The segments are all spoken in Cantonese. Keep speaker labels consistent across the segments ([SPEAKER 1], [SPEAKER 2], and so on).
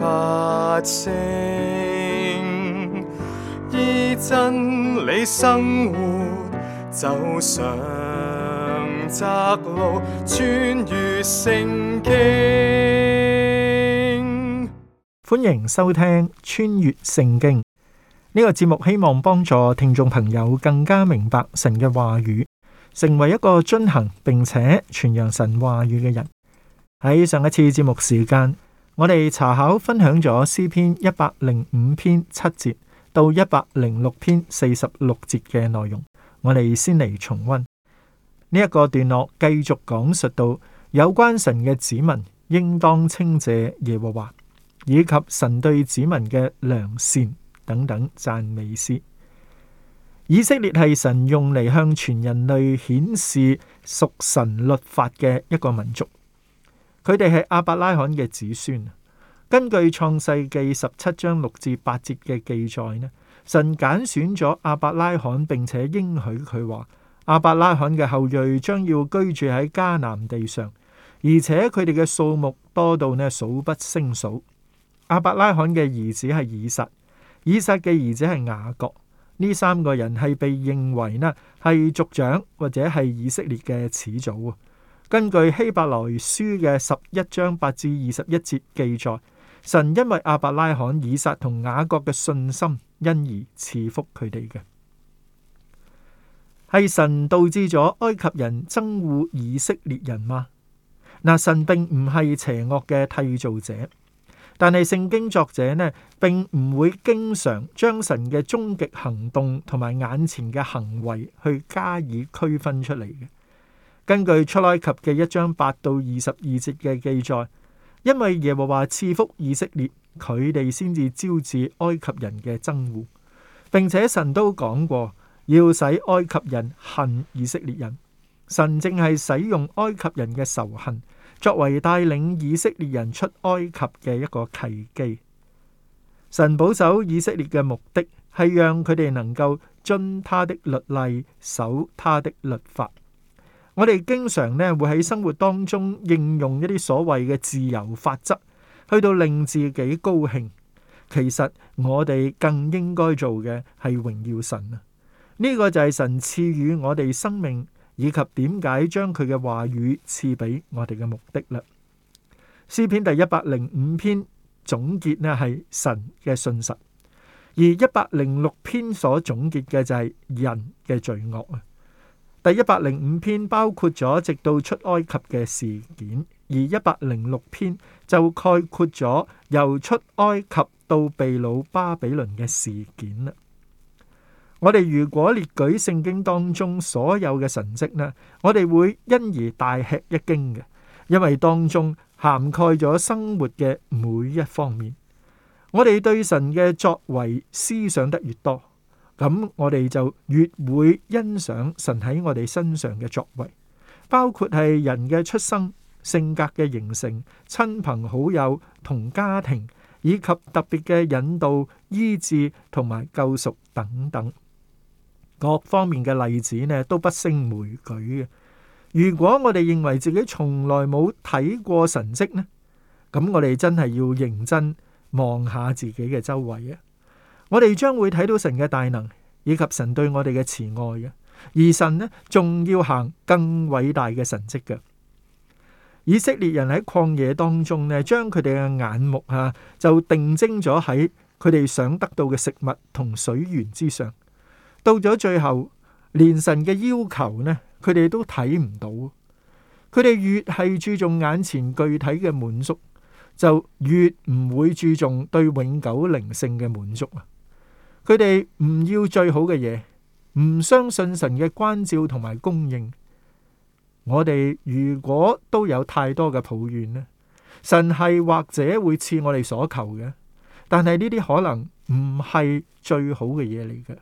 [SPEAKER 1] 發聲依真理生活，走上窄路，穿越聖經。歡迎收聽《穿越聖經》呢個節目，希望幫助聽眾朋友更加明白神嘅話語，成為一個遵行並且傳揚神話語嘅人。喺上一次節目時間。我哋查考分享咗詩篇一百零五篇七節到一百零六篇四十六節嘅內容，我哋先嚟重溫呢一個段落，繼續講述到有關神嘅子民應當稱謝耶和華，以及神對子民嘅良善等等讚美詩。以色列係神用嚟向全人類顯示屬神律法嘅一個民族。佢哋係亞伯拉罕嘅子孫。根據《創世記》十七章六至八節嘅記載呢，神揀選咗亞伯拉罕並且應許佢話：亞伯拉罕嘅後裔將要居住喺迦南地上，而且佢哋嘅數目多到呢數不勝數。亞伯拉罕嘅兒子係以撒，以撒嘅兒子係雅各。呢三個人係被認為呢係族長或者係以色列嘅始祖。根據希伯來書嘅十一章八至二十一節記載，神因為亞伯拉罕、以撒同雅各嘅信心，因而賜福佢哋嘅。係神導致咗埃及人憎惡以色列人嗎？嗱，神並唔係邪惡嘅締造者，但係聖經作者呢，並唔會經常將神嘅終極行動同埋眼前嘅行為去加以區分出嚟嘅。根據出埃及嘅一章八到二十二節嘅記載，因為耶和華賜福以色列，佢哋先至招致埃及人嘅憎惡，並且神都講過要使埃及人恨以色列人。神正係使用埃及人嘅仇恨作為帶領以色列人出埃及嘅一個契機。神保守以色列嘅目的係讓佢哋能夠遵他的律例，守他的律法。我哋經常咧會喺生活當中應用一啲所謂嘅自由法則，去到令自己高興。其實我哋更應該做嘅係榮耀神啊！呢個就係神賜予我哋生命以及點解將佢嘅話語賜俾我哋嘅目的啦。詩篇第一百零五篇總結咧係神嘅信實，而一百零六篇所總結嘅就係人嘅罪惡啊！第一百零五篇包括咗直到出埃及嘅事件，而一百零六篇就概括咗由出埃及到被擄巴比倫嘅事件啦。我哋如果列舉聖經當中所有嘅神蹟呢，我哋會因而大吃一驚嘅，因為當中涵蓋咗生活嘅每一方面。我哋對神嘅作為思想得越多，咁我哋就越會欣賞神喺我哋身上嘅作為，包括係人嘅出生、性格嘅形成、親朋好友同家庭，以及特別嘅引導、醫治同埋救贖等等各方面嘅例子呢，都不勝枚舉嘅。如果我哋認為自己從來冇睇過神蹟呢，咁我哋真係要認真望下自己嘅周圍啊！我哋將會睇到神嘅大能，以及神對我哋嘅慈愛嘅。而神呢，仲要行更偉大嘅神蹟嘅。以色列人喺曠野當中呢，將佢哋嘅眼目啊，就定睛咗喺佢哋想得到嘅食物同水源之上。到咗最後，連神嘅要求呢，佢哋都睇唔到。佢哋越係注重眼前具體嘅滿足，就越唔會注重對永久靈性嘅滿足啊！佢哋唔要最好嘅嘢，唔相信神嘅關照同埋供應。我哋如果都有太多嘅抱怨咧，神係或者會賜我哋所求嘅，但係呢啲可能唔係最好嘅嘢嚟嘅。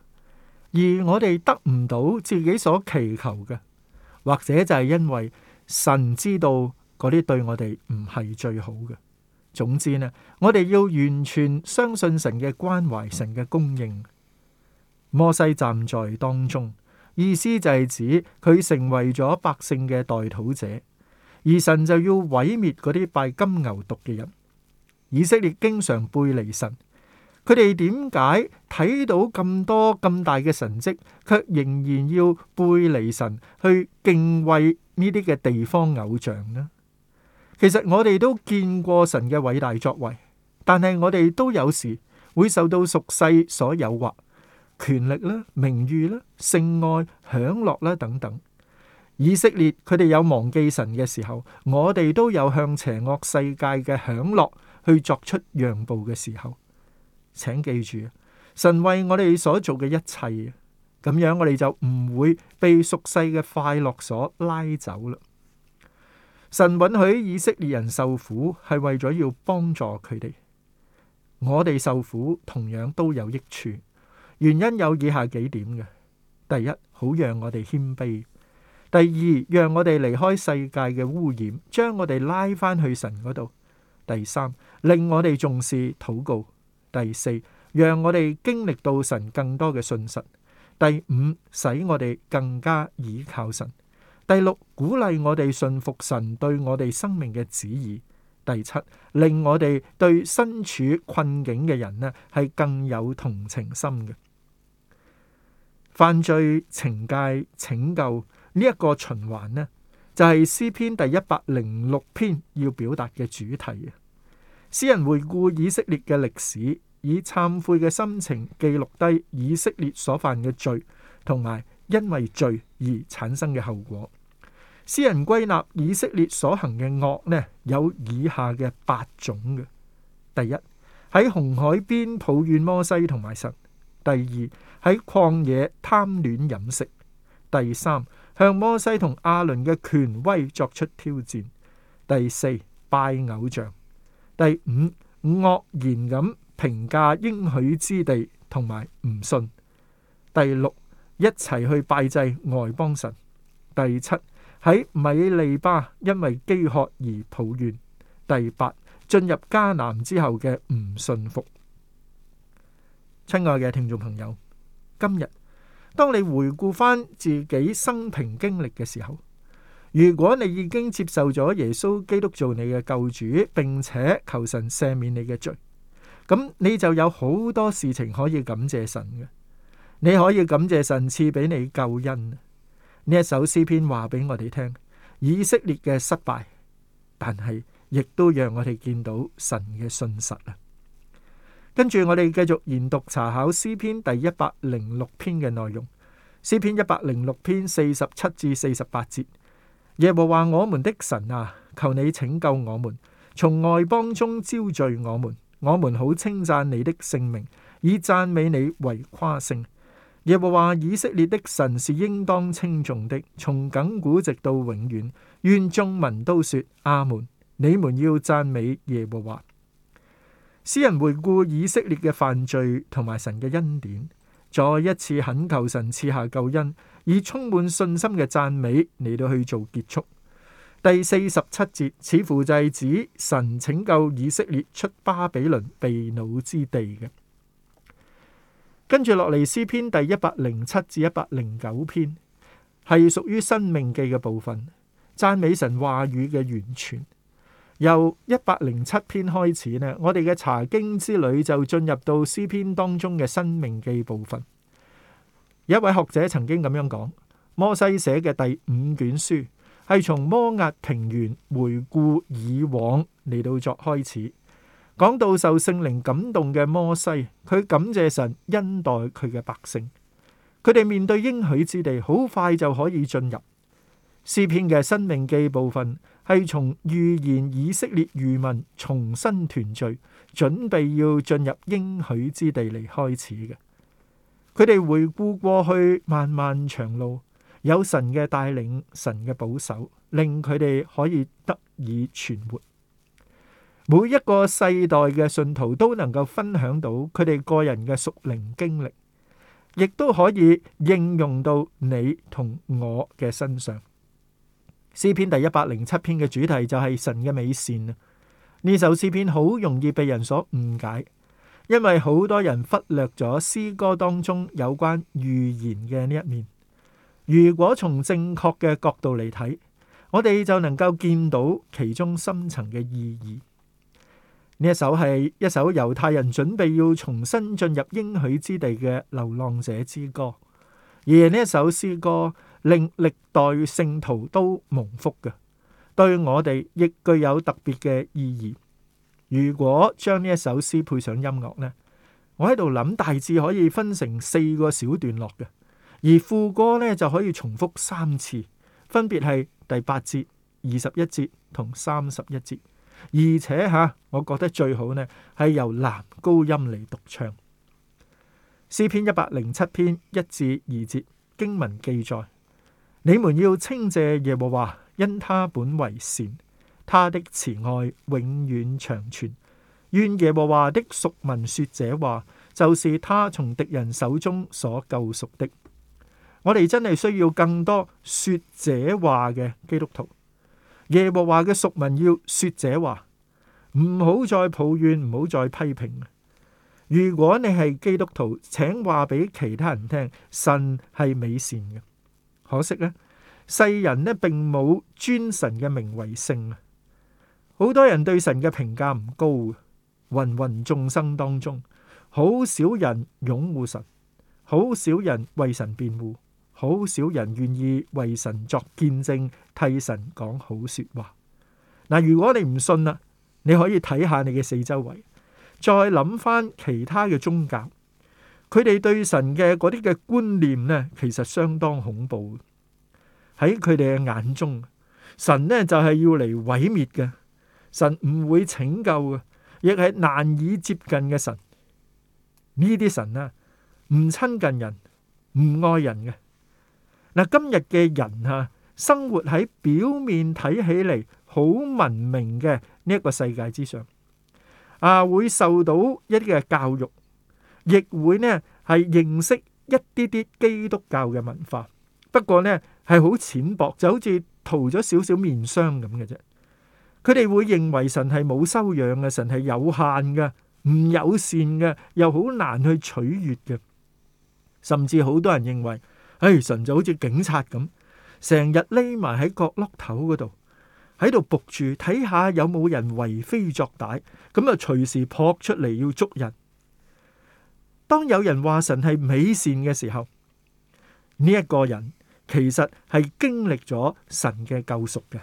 [SPEAKER 1] 而我哋得唔到自己所祈求嘅，或者就係因為神知道嗰啲對我哋唔係最好嘅。總之呢，我哋要完全相信神嘅關懷，神嘅供應。摩西站在當中，意思就係指佢成為咗百姓嘅代禱者，而神就要毀滅嗰啲拜金牛犢嘅人。以色列經常背離神，佢哋點解睇到咁多咁大嘅神跡，卻仍然要背離神去敬畏呢啲嘅地方偶像呢？其實我哋都見過神嘅偉大作為，但係我哋都有時會受到俗世所誘惑，權力啦、名譽啦、性愛、享樂啦等等。以色列佢哋有忘記神嘅時候，我哋都有向邪惡世界嘅享樂去作出讓步嘅時候，請記住，神為我哋所做嘅一切，咁樣我哋就唔會被俗世嘅快樂所拉走啦。神允許以色列人受苦係為咗要幫助佢哋，我哋受苦同樣都有益處。原因有以下幾點嘅：第一，好讓我哋謙卑；第二，讓我哋離開世界嘅污染，將我哋拉返去神嗰度；第三，令我哋重視禱告；第四，讓我哋經歷到神更多嘅信實；第五，使我哋更加倚靠神。第六，鼓勵我哋信服神對我哋生命嘅旨意；第七，令我哋對身處困境嘅人呢係更有同情心嘅。犯罪、懲戒、拯救呢一個循環呢，就係詩篇第一百零六篇要表達嘅主題啊！詩人回顧以色列嘅歷史，以懺悔嘅心情記錄低以色列所犯嘅罪，同埋因為罪而產生嘅後果。詩人歸納以色列所行嘅惡呢，有以下嘅八種嘅：第一，喺紅海邊抱怨摩西同埋神；第二，喺曠野貪戀飲食；第三，向摩西同亞倫嘅權威作出挑戰；第四，拜偶像；第五，惡言咁評價應許之地同埋唔信；第六，一齊去拜祭外邦神；第七。喺米利巴因為飢渴而抱怨。第八，進入迦南之後嘅唔信服。親愛嘅聽眾朋友，今日當你回顧翻，自己生平經歷嘅時候，如果你已經接受咗耶穌基督做你嘅救主，並且求神赦免你嘅罪，咁你就有好多事情可以感謝神嘅。你可以感謝神賜俾你救恩。呢一首詩篇話俾我哋聽，以色列嘅失敗，但係亦都讓我哋見到神嘅信實啊！跟住我哋繼續研讀查考詩篇第一百零六篇嘅內容。詩篇一百零六篇四十七至四十八節，耶和華我們的神啊，求你拯救我們，從外邦中招聚我們，我們好稱讚你的聖名，以讚美你為誇勝。耶和華以色列的神是應當稱頌的，從亘古直到永遠。願眾民都說阿門。你們要讚美耶和華。詩人回顧以色列嘅犯罪同埋神嘅恩典，再一次懇求神賜下救恩，以充滿信心嘅讚美嚟到去做結束。第四十七節似乎就係指神拯救以色列出巴比倫被擄之地嘅。跟住落嚟詩篇第一百零七至一百零九篇，係屬於生命記嘅部分，讚美神話語嘅源泉。由一百零七篇開始呢，我哋嘅查經之旅就進入到詩篇當中嘅生命記部分。有一位學者曾經咁樣講：摩西寫嘅第五卷書，係從摩押平原回顧以往嚟到作開始。講到受聖靈感動嘅摩西，佢感謝神恩待佢嘅百姓，佢哋面對應許之地，好快就可以進入。詩篇嘅申命記部分係從預言以色列餘民重新團聚，準備要進入應許之地嚟開始嘅。佢哋回顧過去漫漫長路，有神嘅帶領，神嘅保守，令佢哋可以得以存活。每一個世代嘅信徒都能夠分享到佢哋個人嘅屬靈經歷，亦都可以應用到你同我嘅身上。詩篇第一百零七篇嘅主題就係神嘅美善啊。呢首詩篇好容易被人所誤解，因為好多人忽略咗詩歌當中有關預言嘅呢一面。如果從正確嘅角度嚟睇，我哋就能夠見到其中深層嘅意義。呢一首係一首猶太人準備要重新進入應許之地嘅流浪者之歌，而呢一首詩歌令歷代聖徒都蒙福嘅，對我哋亦具有特別嘅意義。如果將呢一首詩配上音樂呢，我喺度諗大致可以分成四個小段落嘅，而副歌呢，就可以重複三次，分別係第八節、二十一節同三十一節。而且吓，我覺得最好呢係由男高音嚟獨唱詩篇一百零七篇一至二節經文記載：你們要稱謝耶和華，因他本為善，他的慈愛永遠長存。願耶和華的贖民說這話，就是他從敵人手中所救贖的。我哋真係需要更多說這話嘅基督徒。耶和華嘅屬民要說這話，唔好再抱怨，唔好再批評。如果你係基督徒，請話俾其他人聽，神係美善嘅。可惜呢世人呢並冇尊神嘅名為聖啊！好多人對神嘅評價唔高，芸芸眾生當中，好少人擁護神，好少人為神辯護。好少人願意為神作見證，替神講好說話。嗱，如果你唔信啦，你可以睇下你嘅四周圍，再諗翻其他嘅宗教，佢哋對神嘅嗰啲嘅觀念呢，其實相當恐怖。喺佢哋嘅眼中，神呢就係要嚟毀滅嘅，神唔會拯救嘅，亦係難以接近嘅神。呢啲神啊，唔親近人，唔愛人嘅。嗱，今日嘅人啊，生活喺表面睇起嚟好文明嘅呢一個世界之上，啊，會受到一啲嘅教育，亦會呢係認識一啲啲基督教嘅文化。不過呢係好淺薄，就好似塗咗少少面霜咁嘅啫。佢哋會認為神係冇修養嘅，神係有限嘅，唔友善嘅，又好難去取悅嘅。甚至好多人認為。哎，神就好似警察咁，成日匿埋喺角落頭嗰度，喺度伏住睇下有冇人為非作歹，咁就隨時撲出嚟要捉人。當有人話神係美善嘅時候，呢一個人其實係經歷咗神嘅救贖嘅。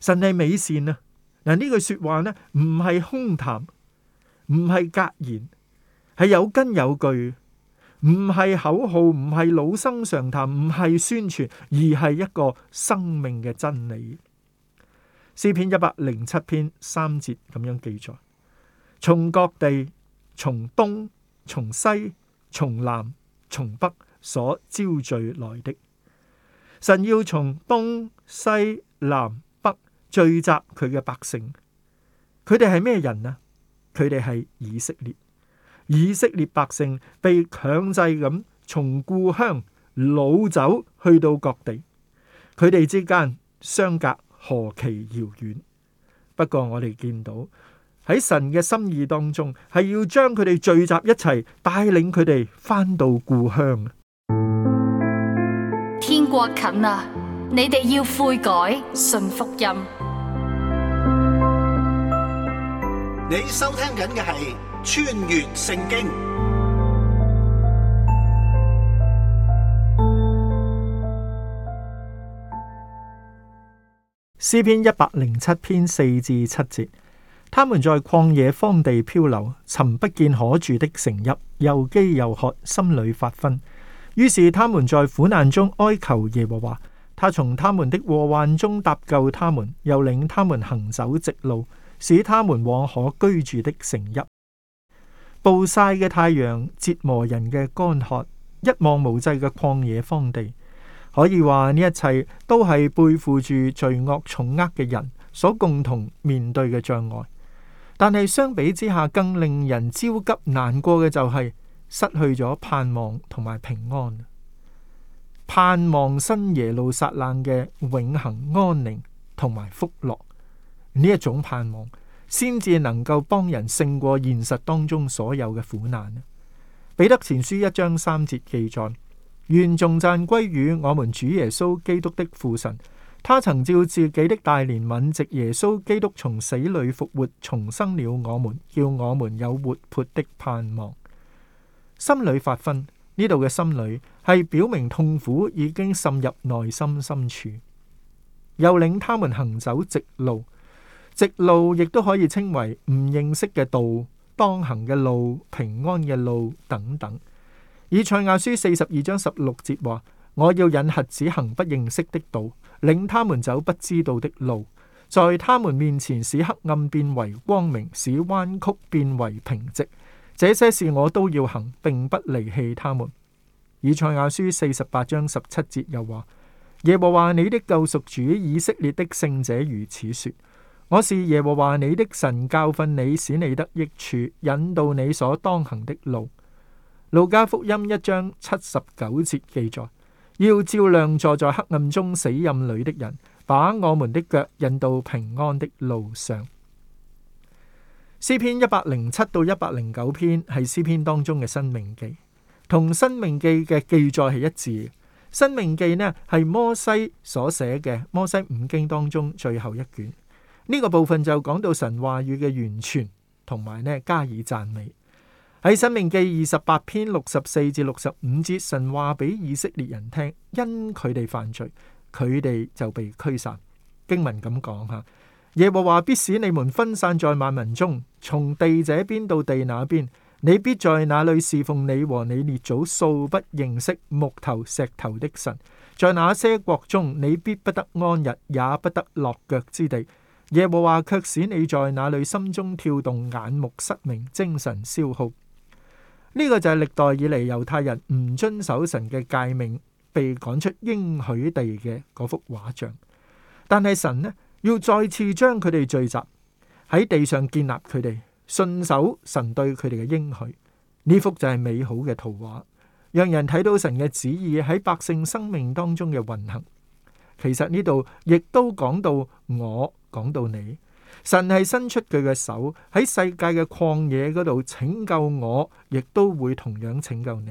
[SPEAKER 1] 神係美善啊！嗱，呢句說話呢，唔係空談，唔係格言，係有根有據。唔係口號，唔係老生常談，唔係宣傳，而係一個生命嘅真理。詩篇一百零七篇三節咁樣記載：從各地、從東、從西、從南、從北所招聚來的，神要從東西南北聚集佢嘅百姓。佢哋係咩人啊？佢哋係以色列。以色列百姓被強制咁從故鄉老走去到各地，佢哋之間相隔何其遙遠。不過我哋見到喺神嘅心意當中，係要將佢哋聚集一齊，帶領佢哋翻到故鄉。天國近呀！你哋要悔改，信福音。你收聽緊嘅係。穿越聖經詩篇一百零七篇四至七節。他們在曠野荒地漂流，尋不見可住的城邑，又飢又渴，心裏發昏。於是他們在苦難中哀求耶和華，他從他們的禍患中搭救他們，又領他們行走直路，使他們往可居住的城邑。暴曬嘅太陽，折磨人嘅乾渴，一望無際嘅曠野荒地，可以話呢一切都係背負住罪惡重軛嘅人所共同面對嘅障礙。但係相比之下，更令人焦急難過嘅就係失去咗盼望同埋平安，盼望新耶路撒冷嘅永恆安寧同埋福樂呢一種盼望。先至能夠幫人勝過現實當中所有嘅苦難。彼得前書一章三節記載：願頌讚歸與我們主耶穌基督的父神，他曾照自己的大憐憫，藉耶穌基督從死裏復活，重生了我們，叫我們有活潑的盼望。心裏發昏，呢度嘅心裏係表明痛苦已經滲入內心深處，又領他們行走直路。直路亦都可以稱為唔認識嘅道，當行嘅路，平安嘅路等等。以賽亞書四十二章十六節話：我要引瞎子行不認識的道，領他們走不知道的路，在他們面前使黑暗變為光明，使彎曲變為平直。這些事我都要行，並不離棄他們。以賽亞書四十八章十七節又話：耶和華你的救贖主以色列的聖者如此說。我是耶和華你的神，教訓你，使你得益處，引導你所當行的路。路加福音一章七十九節記載：要照亮坐在黑暗中死蔭裏的人，把我們的腳引到平安的路上。詩篇一百零七到一百零九篇係詩篇當中嘅申命記，同申命記嘅記載係一致嘅。申命記呢係摩西所寫嘅摩西五經當中最後一卷。呢個部分就講到神話語嘅完全，同埋呢加以讚美喺《申命記》二十八篇六十四至六十五節。神話俾以色列人聽，因佢哋犯罪，佢哋就被驅散。經文咁講吓，耶和華必使你們分散在萬民中，從地這邊到地那邊，你必在那裏侍奉你和你列祖素不認識木頭、石頭的神。在那些國中，你必不得安逸，也不得落腳之地。耶和華卻使你在那裡心中跳動，眼目失明，精神消耗。呢、這個就係歷代以嚟猶太人唔遵守神嘅誡命，被趕出應許地嘅嗰幅畫像。但係神呢要再次將佢哋聚集喺地上，建立佢哋順守神對佢哋嘅應許。呢幅就係美好嘅圖畫，讓人睇到神嘅旨意喺百姓生命當中嘅運行。其實呢度亦都講到我。講到你，神係伸出佢嘅手喺世界嘅曠野嗰度拯救我，亦都會同樣拯救你。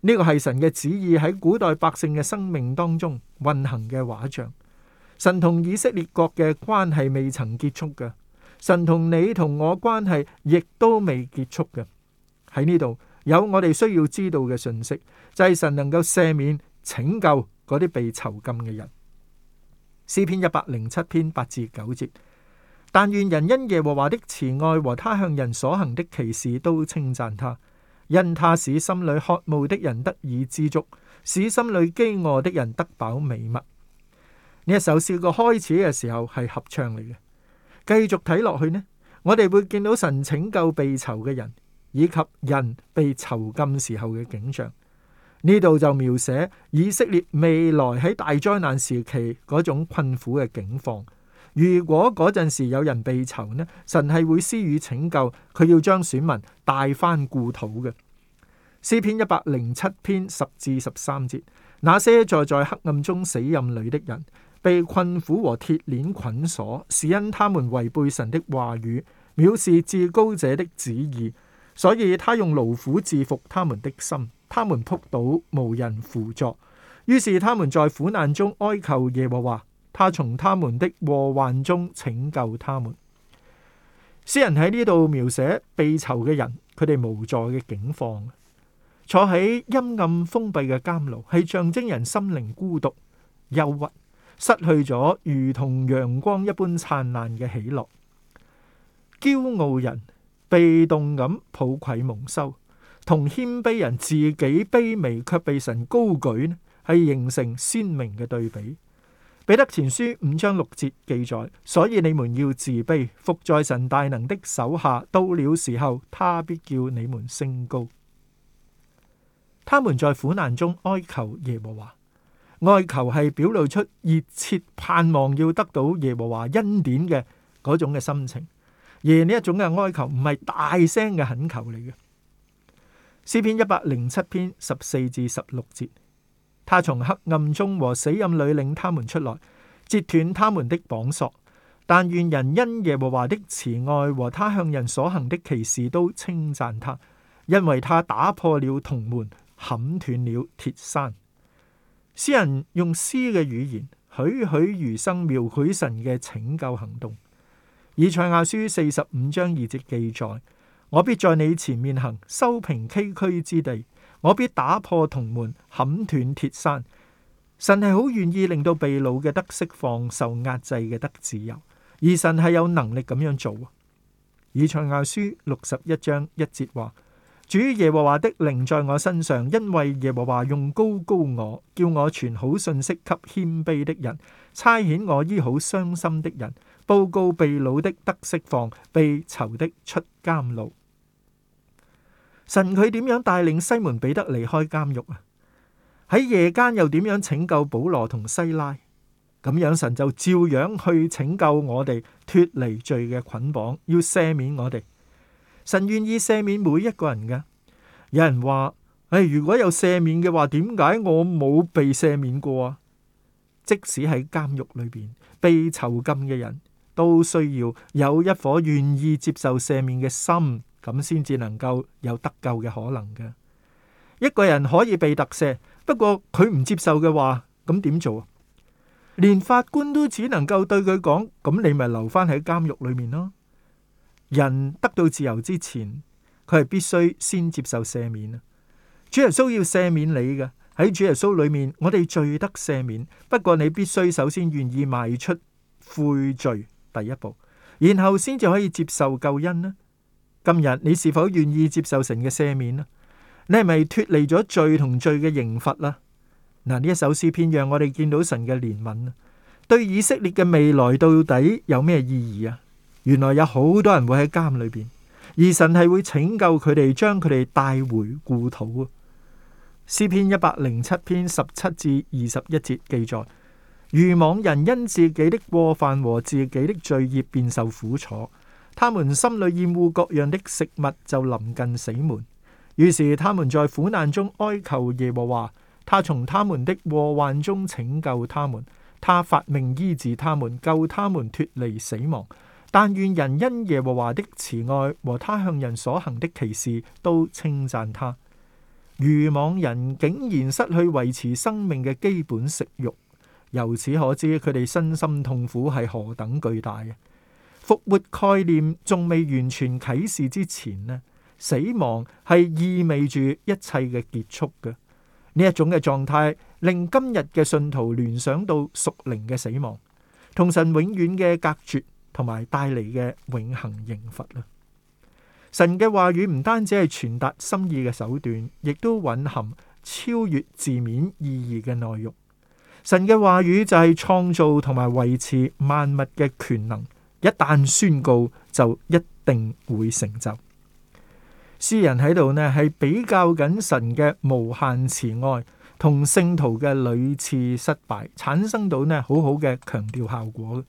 [SPEAKER 1] 呢、這個係神嘅旨意喺古代百姓嘅生命當中運行嘅畫像。神同以色列國嘅關係未曾結束嘅，神同你同我關係亦都未結束嘅。喺呢度有我哋需要知道嘅信息，就係、是、神能夠赦免拯救嗰啲被囚禁嘅人。詩篇一百零七篇八至九節，但願人因耶和華的慈愛和他向人所行的奇事都稱讚他，因他使心裏渴慕的人得以知足，使心裏飢餓的人得飽美物。呢一首詩嘅開始嘅時候係合唱嚟嘅，繼續睇落去呢，我哋會見到神拯救被囚嘅人，以及人被囚禁時候嘅景象。呢度就描寫以色列未來喺大災難時期嗰種困苦嘅境況。如果嗰陣時有人被囚呢，神係會施予拯救，佢要將選民帶翻故土嘅。詩篇一百零七篇十至十三節，那些坐在黑暗中死任裏的人，被困苦和鐵鏈捆鎖，是因他們違背神的話語，藐視至高者的旨意，所以他用勞苦制服他們的心。他們撲倒，無人扶助，於是他們在苦難中哀求耶和華，他從他們的禍患中拯救他們。詩人喺呢度描寫被囚嘅人，佢哋無助嘅境況，坐喺陰暗封閉嘅監牢，係象徵人心靈孤獨、憂鬱、失去咗如同陽光一般燦爛嘅喜樂。驕傲人被動咁抱愧蒙羞。同謙卑人自己卑微卻被神高舉呢，係形成鮮明嘅對比。彼得前書五章六節記載，所以你們要自卑，伏在神大能的手下，到了時候，他必叫你們升高。他們在苦難中哀求耶和華，哀求係表露出熱切盼望要得到耶和華恩典嘅嗰種嘅心情。而呢一種嘅哀求唔係大聲嘅懇求嚟嘅。詩篇一百零七篇十四至十六節，他從黑暗中和死蔭裏領他們出來，截斷他們的綁索。但願人因耶和華的慈愛和他向人所行的奇事都稱讚他，因為他打破了銅門，砍斷了鐵山。詩人用詩嘅語言，栩栩如生描繪神嘅拯救行動。以賽亞書四十五章二節記載。我必在你前面行，修平崎嶇之地。我必打破銅門，砍斷鐵閂。神係好願意令到被擄嘅得釋放，受壓制嘅得自由，而神係有能力咁樣做。以賽亞書六十一章一節話：主耶和華的靈在我身上，因為耶和華用膏膏我，叫我傳好信息給謙卑的人，差遣我醫好傷心的人，報告被擄的得釋放，被囚的出監牢。神佢點樣帶領西門彼得離開監獄啊？喺夜間又點樣拯救保羅同西拉？咁樣神就照樣去拯救我哋脫離罪嘅捆綁，要赦免我哋。神願意赦免每一個人噶。有人話：誒、哎，如果有赦免嘅話，點解我冇被赦免過啊？即使喺監獄裏邊被囚禁嘅人都需要有一顆願意接受赦免嘅心。咁先至能夠有得救嘅可能嘅。一個人可以被特赦，不過佢唔接受嘅話，咁點做？連法官都只能夠對佢講：「咁你咪留翻喺監獄裏面咯。」人得到自由之前，佢係必須先接受赦免啊。主耶穌要赦免你嘅，喺主耶穌裏面，我哋罪得赦免，不過你必須首先願意邁出悔罪第一步，然後先至可以接受救恩啦。今日你是否願意接受神嘅赦免呢？你係咪脫離咗罪同罪嘅刑罰啦？嗱，呢一首詩篇讓我哋見到神嘅憐憫啊！對以色列嘅未來到底有咩意義啊？原來有好多人會喺監裏邊，而神係會拯救佢哋，將佢哋帶回故土啊！詩篇一百零七篇十七至二十一節記載：「愚妄人因自己的過犯和自己的罪孽，便受苦楚。」他們心裏厭惡各樣的食物，就臨近死門。於是他們在苦難中哀求耶和華，他從他們的禍患中拯救他們，他發命醫治他們，救他們脫離死亡。但願人因耶和華的慈愛和他向人所行的奇事，都稱讚他。愚妄人竟然失去維持生命嘅基本食欲，由此可知佢哋身心痛苦係何等巨大嘅。復活概念仲未完全啟示之前呢，死亡係意味住一切嘅結束嘅呢一種嘅狀態，令今日嘅信徒聯想到屬靈嘅死亡同神永遠嘅隔絕，同埋帶嚟嘅永恆刑罰啦。神嘅話語唔單止係傳達心意嘅手段，亦都蘊含超越字面意義嘅內容。神嘅話語就係創造同埋維持萬物嘅權能。一旦宣告，就一定會成就。詩人喺度呢，係比較緊神嘅無限慈愛同聖徒嘅屢次失敗，產生到呢好好嘅強調效果。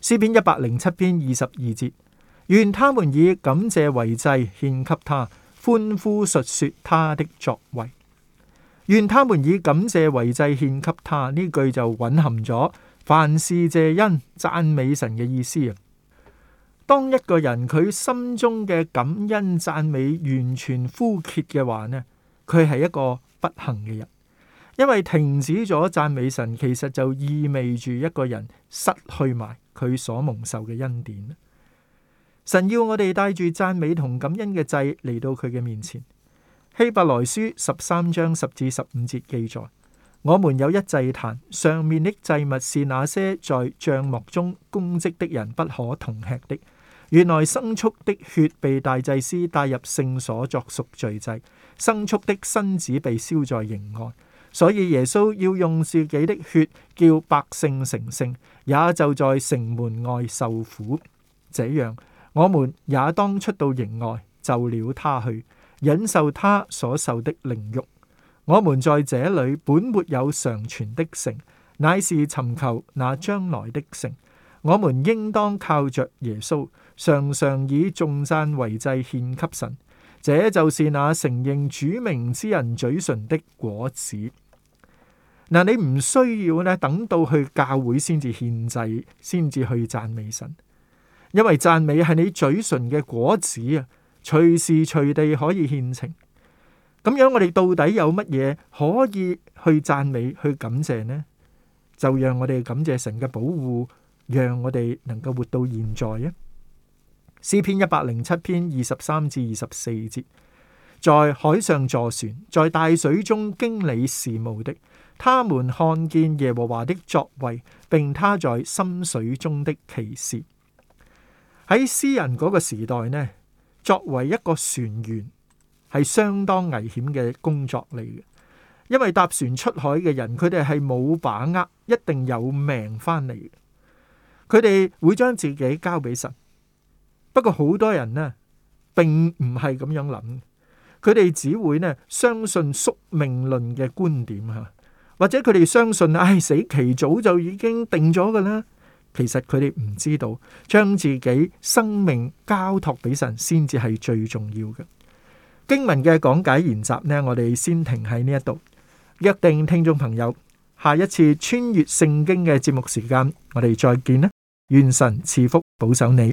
[SPEAKER 1] 詩篇一百零七篇二十二節，願他們以感謝為祭獻給他，歡呼述說他的作為。願他們以感謝為祭獻給他，呢句就蘊含咗凡事謝恩讚美神嘅意思。當一個人佢心中嘅感恩讚美完全枯竭嘅話呢，佢係一個不幸嘅人，因為停止咗讚美神，其實就意味住一個人失去埋佢所蒙受嘅恩典。神要我哋帶住讚美同感恩嘅祭嚟到佢嘅面前。希伯來書十三章十至十五節記載：我們有一祭壇，上面的祭物是那些在帳幕中供職的人不可同吃的。原來牲畜的血被大祭司帶入聖所作贖罪祭，牲畜的身子被燒在營外。所以耶穌要用自己的血叫百姓成聖，也就在城門外受苦。這樣，我們也當出到營外，就了他去，忍受他所受的凌辱。我們在這裏本沒有常存的城，乃是尋求那將來的城。我們應當靠着耶穌。常常以頌讚為祭獻給神，這就是那承認主名之人嘴唇的果子。嗱，你唔需要咧，等到去教會先至獻祭，先至去讚美神，因為讚美係你嘴唇嘅果子啊，隨時隨地可以獻情。咁樣，我哋到底有乜嘢可以去讚美去感謝呢？就讓我哋感謝神嘅保護，讓我哋能夠活到現在啊！詩篇一百零七篇二十三至二十四節，在海上坐船，在大水中經理事務的，他們看見耶和華的作為，並他在深水中的奇事。喺詩人嗰個時代呢，作為一個船員，係相當危險嘅工作嚟嘅，因為搭船出海嘅人，佢哋係冇把握，一定有命返嚟。佢哋會將自己交俾神。不過好多人呢，並唔係咁樣諗，佢哋只會呢，相信宿命論嘅觀點吓，或者佢哋相信唉，死期早就已經定咗㗎啦。其實佢哋唔知道，將自己生命交託俾神先至係最重要嘅。經文嘅講解研習呢，我哋先停喺呢一度，約定聽眾朋友下一次穿越聖經嘅節目時間，我哋再見啦。願神賜福保守你。